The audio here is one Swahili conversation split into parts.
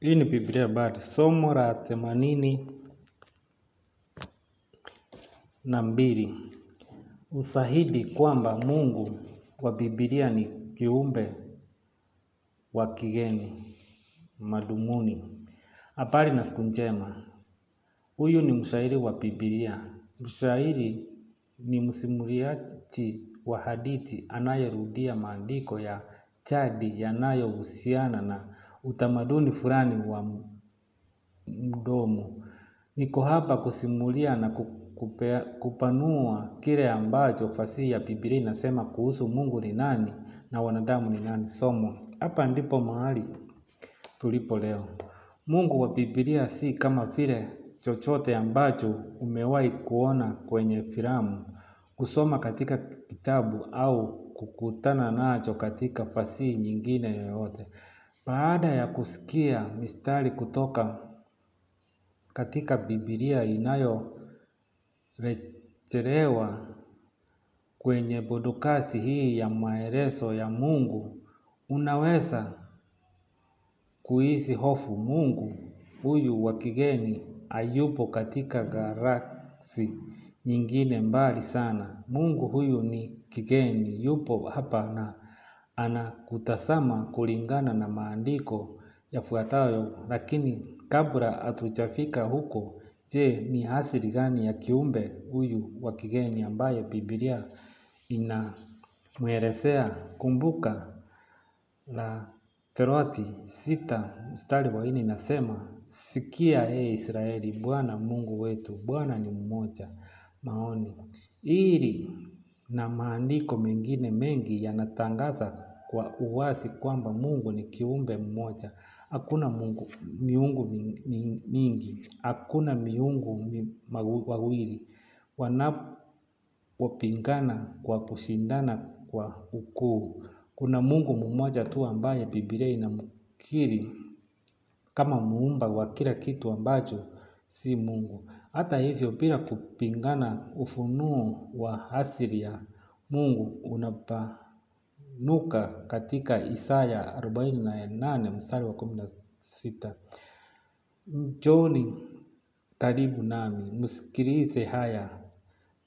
Hii ni Biblia Bard, somo la themanini na mbili. usahidi kwamba Mungu wa Biblia ni kiumbe wa kigeni. madumuni habari na siku njema. Huyu ni mshairi wa Biblia. Mshairi ni msimuliaji wa hadithi anayerudia maandiko ya jadi yanayohusiana na utamaduni fulani wa mdomo. Niko hapa kusimulia na kupanua kile ambacho fasihi ya Biblia inasema kuhusu Mungu ni nani na wanadamu ni nani. Somo. Hapa ndipo mahali tulipo leo. Mungu wa Biblia si kama vile chochote ambacho umewahi kuona kwenye filamu, kusoma katika kitabu au kukutana nacho katika fasihi nyingine yoyote. Baada ya kusikia mistari kutoka katika Biblia inayorejelewa kwenye podcast hii ya maelezo ya Mungu, unaweza kuhisi hofu. Mungu huyu wa kigeni hayupo katika galaksi nyingine mbali sana. Mungu huyu ni kigeni, yupo hapa na anakutazama kulingana na maandiko yafuatayo lakini kabla hatujafika huko je ni asili gani ya kiumbe huyu wa kigeni ambaye Biblia inamwelezea kumbuka la Torati sita mstari wa nne inasema sikia e Israeli Bwana Mungu wetu Bwana ni mmoja maoni ili na maandiko mengine mengi yanatangaza kwa uwazi kwamba Mungu ni kiumbe mmoja. Hakuna Mungu, miungu mingi, hakuna miungu wawili wanapopingana kwa kushindana kwa ukuu. Kuna Mungu mmoja tu ambaye bibilia inamkiri kama muumba wa kila kitu ambacho si Mungu. Hata hivyo, bila kupingana, ufunuo wa asili ya Mungu unapa nuka katika Isaya 48 mstari wa 16, njoni karibu nami, msikilize haya.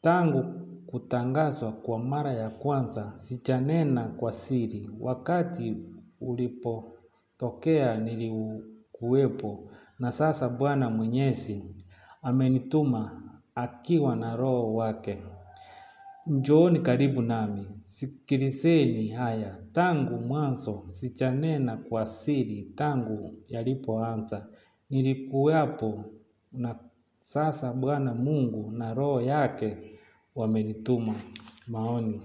Tangu kutangazwa kwa mara ya kwanza, sijanena kwa siri; wakati ulipotokea nilikuwepo. Na sasa Bwana Mwenyezi amenituma akiwa na Roho wake. Njooni karibu nami, sikilizeni haya, tangu mwanzo, sijanena kwa siri, tangu yalipoanza, nilikuwapo na sasa Bwana Mungu na Roho yake wamenituma. Maoni.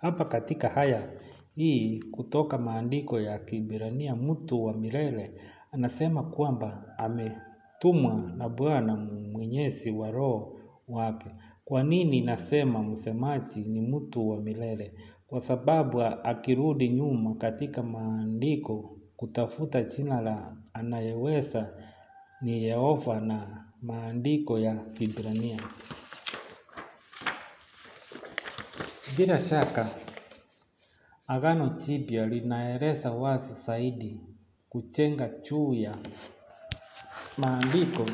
Hapa katika haya hii kutoka maandiko ya Kiebrania mtu wa milele anasema kwamba ametumwa na Bwana mwenyezi wa Roho wake. Kwa nini nasema msemaji ni mtu wa milele? Kwa sababu akirudi nyuma katika maandiko kutafuta jina la anayeweza ni Yehova na maandiko ya Kibrania. Bila shaka, agano jipya linaeleza wazi zaidi kujenga juu ya maandiko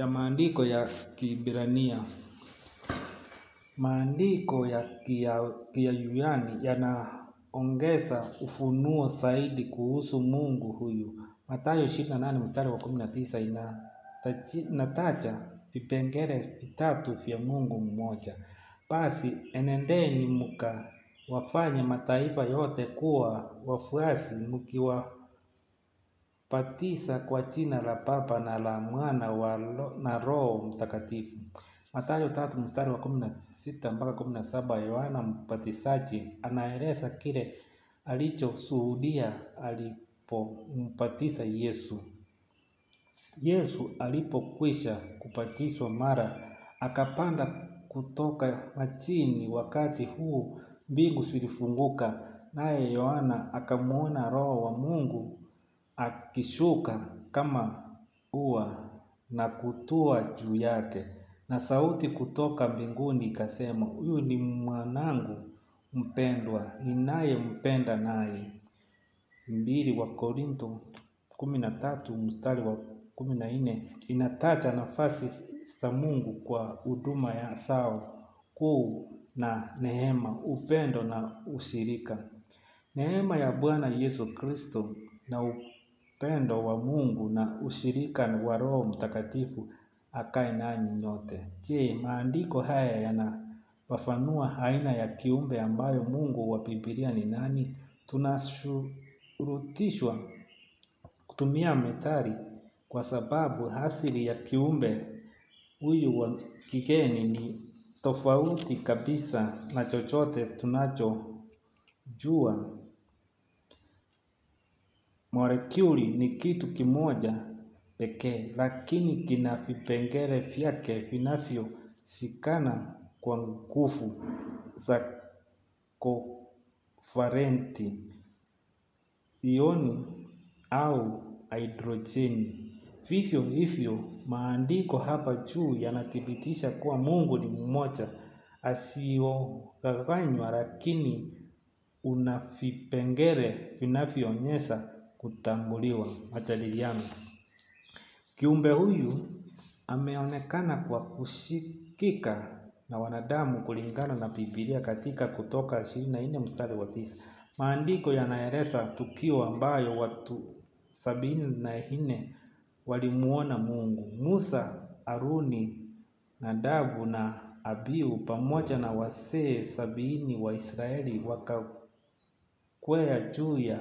ya maandiko ya Kiebrania. Maandiko ya Kiyunani kia yanaongeza ufunuo zaidi kuhusu Mungu huyu. Mathayo 28 mstari wa 19 inataja vipengele vitatu vya Mungu mmoja. Basi enendeni mkawafanye mataifa yote kuwa wafuasi, mkiwa Batiza kwa jina la Baba na la Mwana wa na Roho Mtakatifu. Mathayo tatu mstari wa kumi na sita mpaka kumi na saba Yohana Mbatizaji anaeleza kile alichoshuhudia alipombatiza Yesu. Yesu alipokwisha kubatizwa mara akapanda kutoka majini. Wakati huu mbingu zilifunguka, naye Yohana akamwona Roho wa Mungu akishuka kama ua na kutua juu yake, na sauti kutoka mbinguni ikasema, huyu ni mwanangu mpendwa, ninayempenda naye. mbili wa Korinto kumi na tatu mstari wa kumi na nne inataja nafasi za Mungu kwa huduma ya zao kuu na neema, upendo na ushirika. Neema ya Bwana Yesu Kristo na upendo wa Mungu na ushirika wa Roho Mtakatifu akae nanyi nyote. Je, maandiko haya yanafafanua aina ya kiumbe ambayo Mungu wa Biblia ni nani? Tunashurutishwa kutumia methali kwa sababu asili ya kiumbe huyu wa kigeni ni tofauti kabisa na chochote tunachojua Molekuli ni kitu kimoja pekee lakini kina vipengele vyake vinavyoshikana kwa nguvu za kovalenti, ioni au hidrojeni. Vivyo hivyo, maandiko hapa juu yanathibitisha kuwa Mungu ni mmoja asiyogawanywa lakini una vipengele vinavyoonyesha kutambuliwa majadiliano. Kiumbe huyu ameonekana kwa kushikika na wanadamu kulingana na Biblia katika Kutoka 24 mstari wa tisa. Maandiko yanaeleza tukio ambayo watu sabini na nne walimuona Mungu. Musa, Aruni, Nadabu na Abiu pamoja na wasee sabini wa Israeli wakakwea juu ya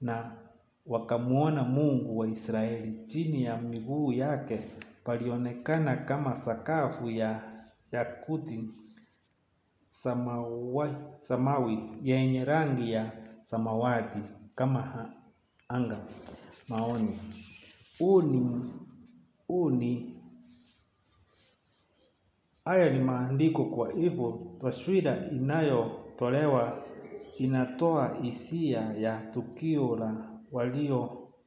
na wakamwona Mungu wa Israeli. Chini ya miguu yake palionekana kama sakafu ya yakuti samawi, samawi yenye rangi ya samawati kama anga. Maoni: huu ni huu ni haya ni maandiko. Kwa hivyo taswira inayotolewa inatoa hisia ya tukio la walioona.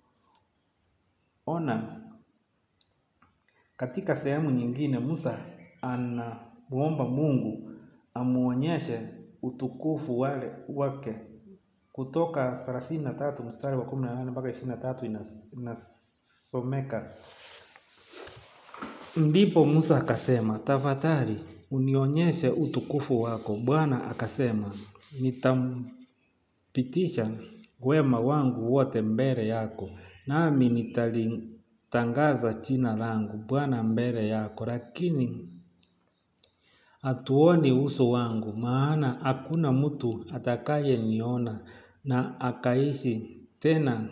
Katika sehemu nyingine, Musa anamuomba Mungu amuonyeshe utukufu wake. Kutoka 33 mstari wa 18 mpaka 23 inasomeka, ndipo Musa akasema, tafadhali unionyeshe utukufu wako. Bwana akasema, nitampitisha wema wangu wote mbele yako, nami nitalitangaza jina langu Bwana mbele yako. Lakini hatuoni uso wangu, maana hakuna mtu atakayeniona na akaishi. Tena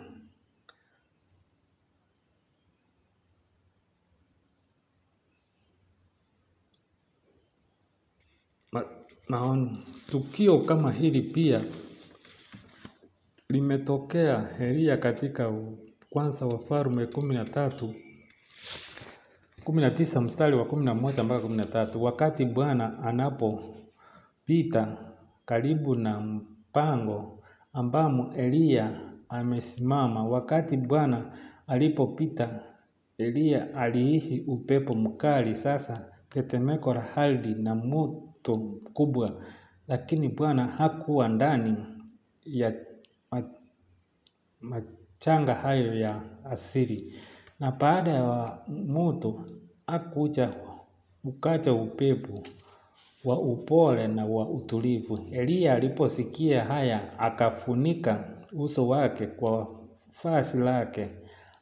maoni tukio kama hili pia limetokea Elia katika kwanza Wafalme kumi na tatu kumi na tisa mstari wa kumi na moja mpaka kumi na tatu wakati Bwana anapopita karibu na mpango ambamo Eliya amesimama. Wakati Bwana alipopita, Eliya aliishi upepo mkali, sasa tetemeko la ardhi na moto mkubwa, lakini Bwana hakuwa ndani ya machanga hayo ya asili, na baada ya moto hakuja ukaja upepo wa upole na wa utulivu. Eliya aliposikia haya akafunika uso wake kwa vazi lake,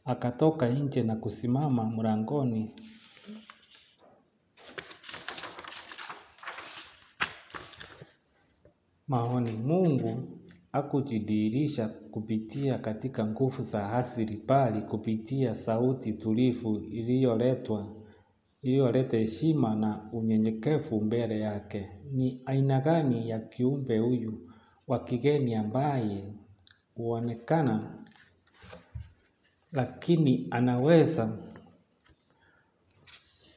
akatoka nje na kusimama mlangoni maoni. Mungu hakujidhihirisha kupitia katika nguvu za asili bali kupitia sauti tulivu iliyoleta heshima na unyenyekevu mbele yake. Ni aina gani ya kiumbe huyu wa kigeni ambaye huonekana lakini anaweza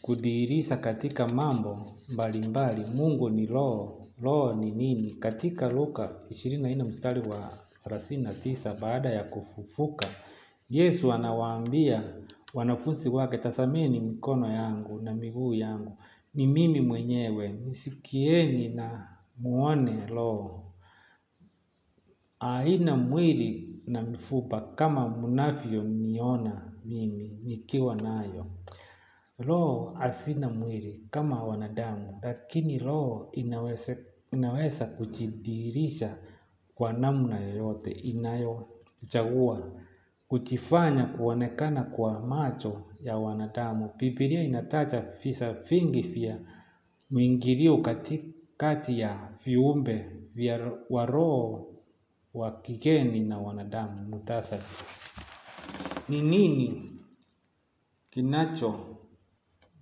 kudhihirisha katika mambo mbalimbali. Mungu ni roho Roho ni nini? Katika Luka 24 mstari wa 39 baada ya kufufuka, Yesu anawaambia wanafunzi wake, tazameni mikono yangu na miguu yangu, ni mimi mwenyewe. Nisikieni na muone roho. Haina mwili na mifupa kama mnavyoniona mimi nikiwa nayo. Roho hazina mwili kama wanadamu, lakini roho inaweza, inaweza kujidhihirisha kwa namna yoyote inayochagua kujifanya kuonekana kwa macho ya wanadamu. Biblia inataja visa vingi vya mwingilio kati ya viumbe vya wa roho wa kigeni na wanadamu. Muhtasari, ni nini kinacho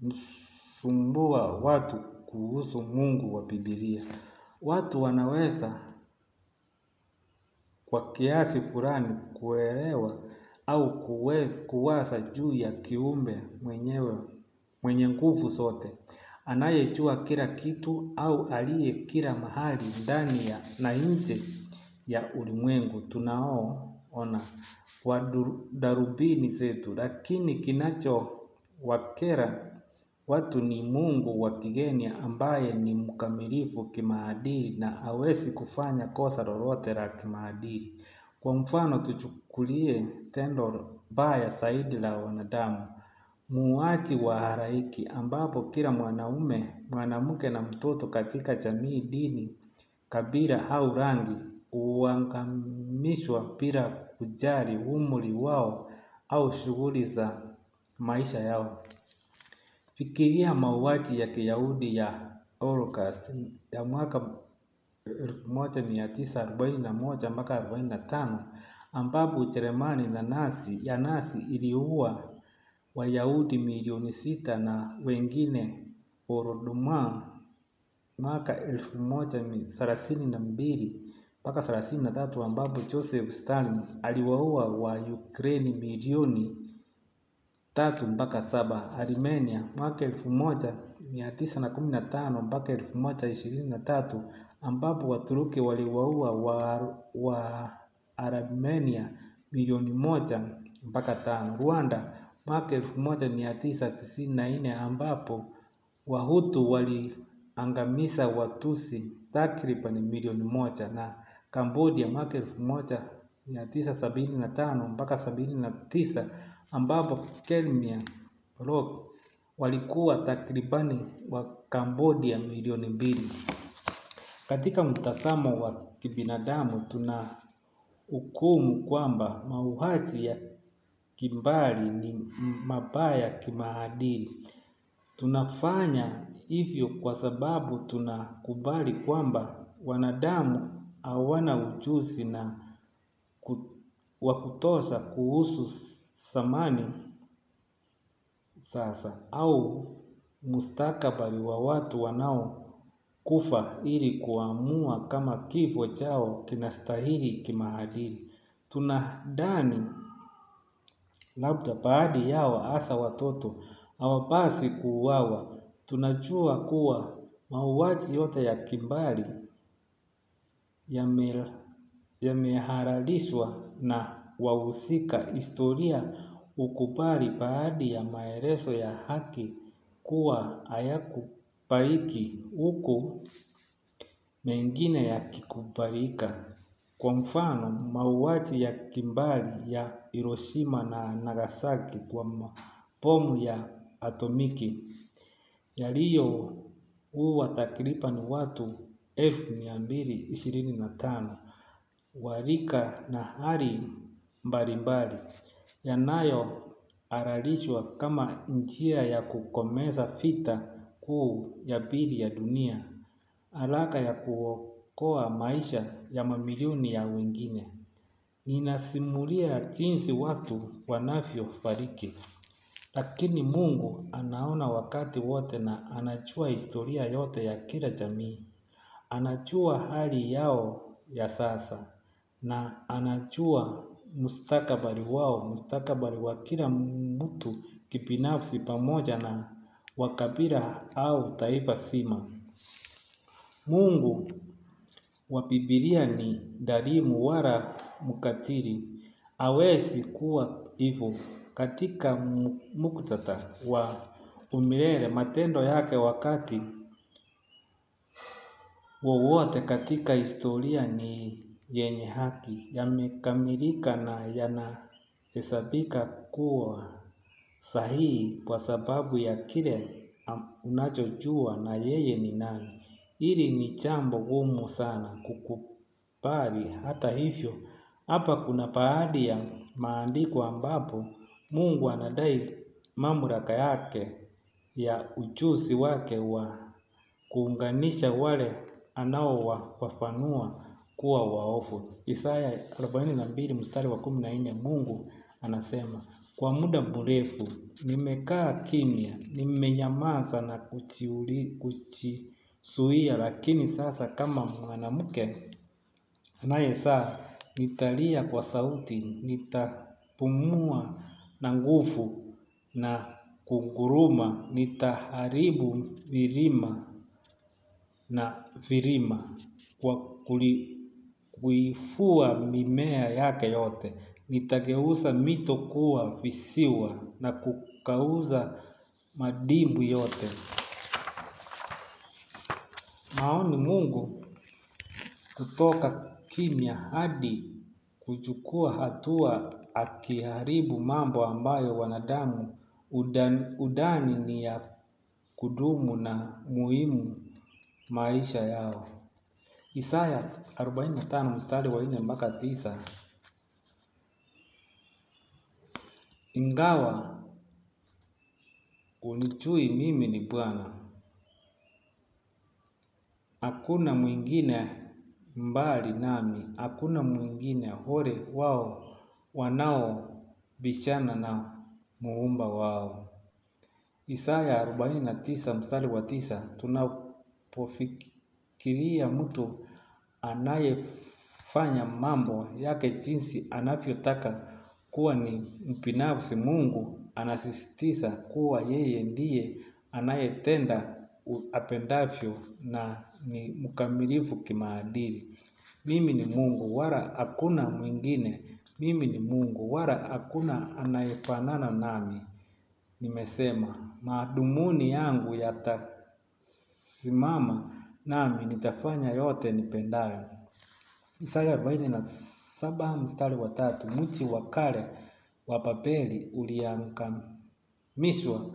kusumbua watu kuhusu Mungu wa Biblia. Watu wanaweza kwa kiasi fulani kuelewa au kuwaza juu ya kiumbe mwenyewe mwenye nguvu zote, anayejua kila kitu au aliye kila mahali ndani ya na nje ya ulimwengu tunaoona kwa darubini zetu, lakini kinachowakera watu ni Mungu wa kigeni ambaye ni mkamilifu kimaadili na hawezi kufanya kosa lolote la kimaadili. Kwa mfano, tuchukulie tendo baya zaidi la wanadamu, muuaji wa halaiki, ambapo kila mwanaume, mwanamke na mtoto katika jamii, dini, kabila au rangi uangamishwa bila kujali umri wao au shughuli za maisha yao. Fikiria mauaji ya Kiyahudi ya Holocaust ya mwaka 1941 mpaka 45 ambapo Ujerumani ya Nazi iliua Wayahudi milioni sita na wengine orodoma mwaka elfu moja thelathini na mbili mpaka thelathini na tatu ambapo Joseph Stalin aliwaua Waukraini milioni tatu mpaka saba Armenia mwaka elfu moja mia tisa na kumi na tano mpaka elfu moja ishirini na tatu ambapo Waturuki waliwaua wa armenia milioni moja mpaka tano Rwanda mwaka elfu moja mia tisa tisini na nne ambapo Wahutu waliangamiza Watusi takriban milioni moja na Kambodia mwaka elfu moja mia tisa sabini na tano mpaka sabini na tisa ambapo Khmer Rouge walikuwa takribani wa Kambodia milioni mbili. Katika mtazamo wa kibinadamu, tuna hukumu kwamba mauaji ya kimbari ni mabaya kimaadili. Tunafanya hivyo kwa sababu tunakubali kwamba wanadamu hawana ujuzi na wa kutosha kuhusu samani sasa au mustakabali wa watu wanaokufa ili kuamua kama kifo chao kinastahili kimaadili. Tunadhani labda baadhi yao hasa watoto hawapasi kuuawa. Tunajua kuwa mauaji yote ya kimbali yamehalalishwa na wahusika Historia hukubali baadhi ya maelezo ya haki kuwa hayakubaliki huku mengine yakikubalika. Kwa mfano, mauaji ya kimbali ya Hiroshima na Nagasaki kwa mabomu ya atomiki yaliyoua takriban watu na tano warika na hali mbalimbali yanayohalalishwa kama njia ya kukomesha vita kuu ya pili ya dunia, haraka ya kuokoa maisha ya mamilioni ya wengine. Ninasimulia jinsi watu wanavyofariki, lakini Mungu anaona wakati wote na anajua historia yote ya kila jamii. Anajua hali yao ya sasa na anajua mustakabali wao, mustakabali wa kila mtu kibinafsi pamoja na wa kabila au taifa sima Mungu wa Biblia ni dhalimu wala mkatili, hawezi kuwa hivyo. Katika muktadha wa umilele, matendo yake wakati wowote katika historia ni yenye haki yamekamilika na yanahesabika kuwa sahihi kwa sababu ya kile unachojua na yeye ni nani. Hili ni jambo gumu sana kukubali. Hata hivyo, hapa kuna baadhi ya maandiko ambapo Mungu anadai mamlaka yake ya ujuzi wake wa kuunganisha wale anaowafafanua kuwa waovu. Isaya 42 mstari wa 14, Mungu anasema, kwa muda mrefu nimekaa kimya, nimenyamaza na kujizuia, lakini sasa kama mwanamke anayezaa nitalia kwa sauti, nitapumua na nguvu na kunguruma, nitaharibu vilima na vilima kwa kuli kuifua mimea yake yote. Nitageuza mito kuwa visiwa na kukauza madimbu yote. Maoni Mungu kutoka kimya hadi kuchukua hatua akiharibu mambo ambayo wanadamu udani ni ya kudumu na muhimu maisha yao. Isaya 45 mstari wa 4 mpaka 9, ingawa unijui mimi ni Bwana, hakuna mwingine mbali nami, hakuna mwingine hore wao wanaobishana na muumba wao. Isaya 49 mstari wa 9, tunapofiki kumfikiria mtu anayefanya mambo yake jinsi anavyotaka kuwa ni mbinafsi Mungu anasisitiza kuwa yeye ndiye anayetenda apendavyo na ni mkamilifu kimaadili. Mimi ni Mungu wala hakuna mwingine. Mimi ni Mungu wala hakuna anayefanana nami. Nimesema madhumuni yangu yatasimama nami nitafanya yote nipendayo. Isaya 47 na saba mstari wa tatu. Mti wa kale wa papeli uliangamishwa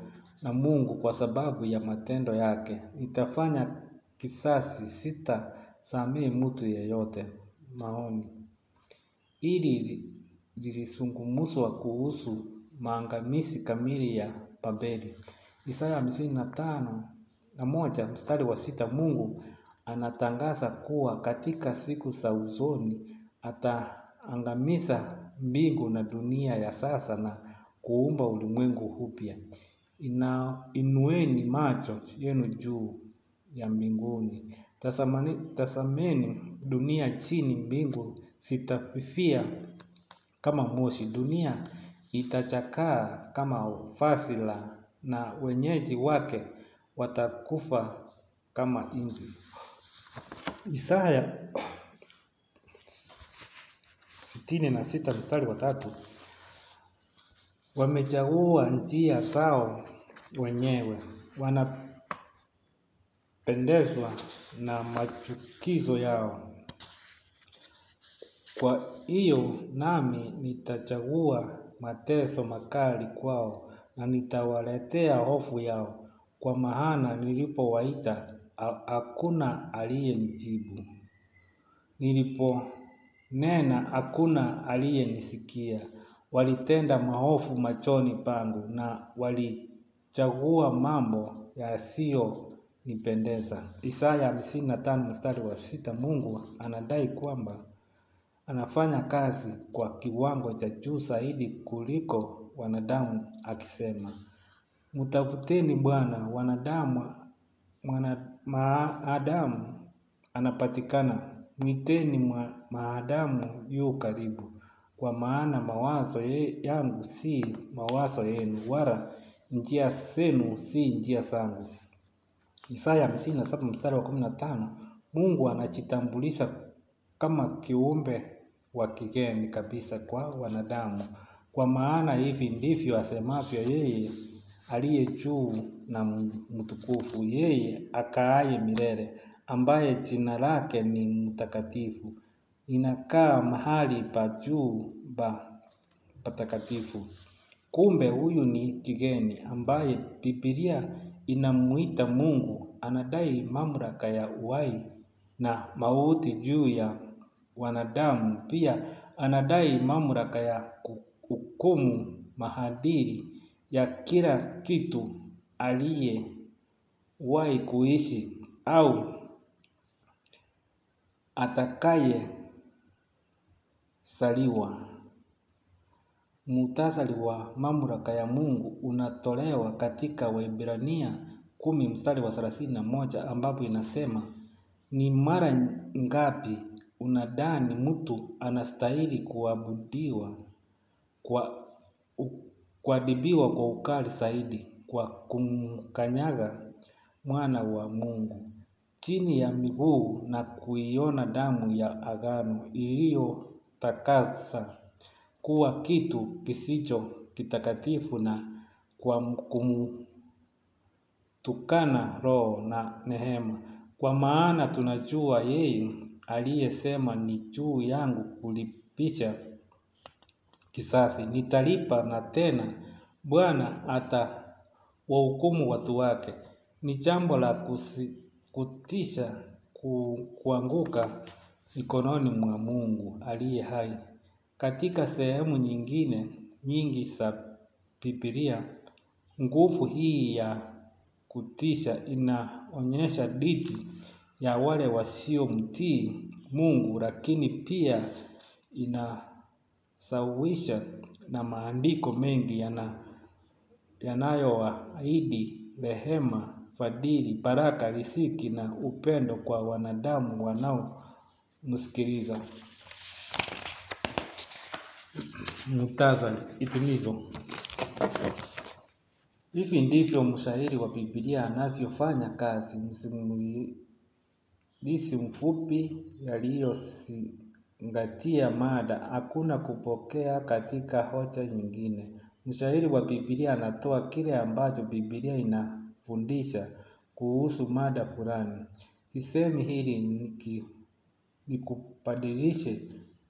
na Mungu kwa sababu ya matendo yake. Nitafanya kisasi, sitasamehe mtu yeyote. Maoni ili lilisungumzwa kuhusu maangamizi kamili ya Babeli. Isaya hamsini na moja mstari wa sita Mungu anatangaza kuwa katika siku za uzoni ataangamiza mbingu na dunia ya sasa na kuumba ulimwengu upya. Inueni macho yenu juu ya mbinguni, tazameni dunia chini. Mbingu zitafifia kama moshi, dunia itachakaa kama fasila na wenyeji wake watakufa kama inzi. Isaya sitini na sita mstari wa tatu wamechagua njia zao wenyewe, wanapendezwa na machukizo yao. Kwa hiyo nami nitachagua mateso makali kwao na nitawaletea hofu yao. Kwa maana nilipowaita hakuna aliyenijibu, niliponena hakuna aliyenisikia. Walitenda maovu machoni pangu na walichagua mambo yasiyonipendeza. Isaya hamsini na tano mstari wa sita. Mungu anadai kwamba anafanya kazi kwa kiwango cha juu zaidi kuliko wanadamu akisema Mtafuteni Bwana maadamu anapatikana, mwiteni maadamu yu karibu. Kwa maana mawazo yangu si mawazo yenu, wala njia zenu si njia zangu. Isaya 57 mstari wa 15. Mungu anajitambulisha kama kiumbe wa kigeni kabisa kwa wanadamu. Kwa maana hivi ndivyo asemavyo yeye aliye juu na mtukufu, yeye akaaye milele, ambaye jina lake ni mtakatifu. Inakaa mahali pa juu ba patakatifu. Kumbe huyu ni kigeni ambaye Biblia inamuita Mungu, anadai mamlaka ya uhai na mauti juu ya wanadamu. Pia anadai mamlaka ya hukumu maadili ya kila kitu aliyewahi kuishi au atakayesaliwa Muhtasari wa mamlaka ya Mungu unatolewa katika Waebrania kumi mstari wa thelathini na moja ambapo inasema, ni mara ngapi unadhani mtu anastahili kuabudiwa kwa kuadhibiwa kwa ukali zaidi kwa kumkanyaga mwana wa Mungu chini ya miguu na kuiona damu ya agano iliyotakasa kuwa kitu kisicho kitakatifu na kwa kumtukana Roho na nehema kwa maana tunajua yeye aliyesema ni juu yangu kulipisha kisasi, nitalipa na tena Bwana atawahukumu watu wake. Ni jambo la kutisha kuanguka mikononi mwa Mungu aliye hai. Katika sehemu nyingine nyingi za Biblia, nguvu hii ya kutisha inaonyesha dhidi ya wale wasiomtii Mungu, lakini pia ina sawisha na maandiko mengi yanayoahidi rehema, fadhili, baraka, risiki na upendo kwa wanadamu wanaomsikiliza. Muhtasari, itimizo Hivi ndivyo mshairi wa bibilia anavyofanya kazi. Msimulizi mfupi yaliyosi kuzingatia mada hakuna kupokea katika hoja nyingine. Mshairi wa Biblia anatoa kile ambacho Biblia inafundisha kuhusu mada fulani. Sisemi hili nikubadilishe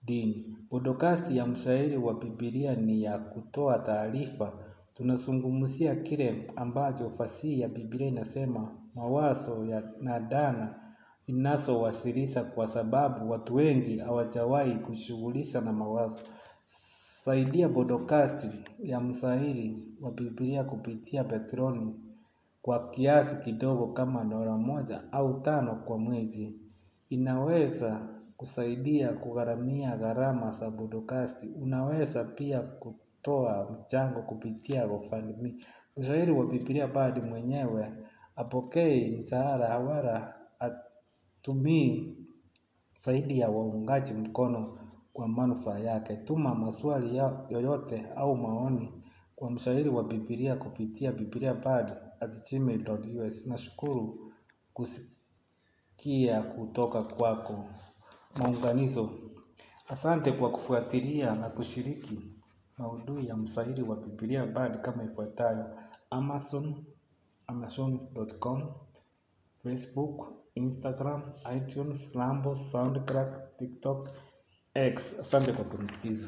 dini. Podokasti ya mshairi wa Biblia ni ya kutoa taarifa. Tunazungumzia kile ambacho fasihi ya Biblia inasema mawazo na nadana inazowasilisha kwa sababu watu wengi hawajawahi kushughulisha na mawazo. Saidia podcast ya msairi wa bibilia kupitia Patreon kwa kiasi kidogo kama dola moja au tano kwa mwezi. Inaweza kusaidia kugharamia gharama za podcast Unaweza pia kutoa mchango kupitia GoFundMe. msairi wa bibilia bado mwenyewe apokee mshahara awara tumii zaidi ya waungaji mkono kwa manufaa yake. Tuma maswali ya yoyote au maoni kwa mshairi wa Biblia kupitia bad gmail.us Nashukuru kusikia kutoka kwako. Maunganizo asante kwa kufuatilia na kushiriki maudhui ya mshairi wa Biblia bad kama ifuatayo Amazon, Amazon.com Facebook, Instagram, iTunes, Rambo, Soundcrack, TikTok, X. Asante kwa kunisikiza.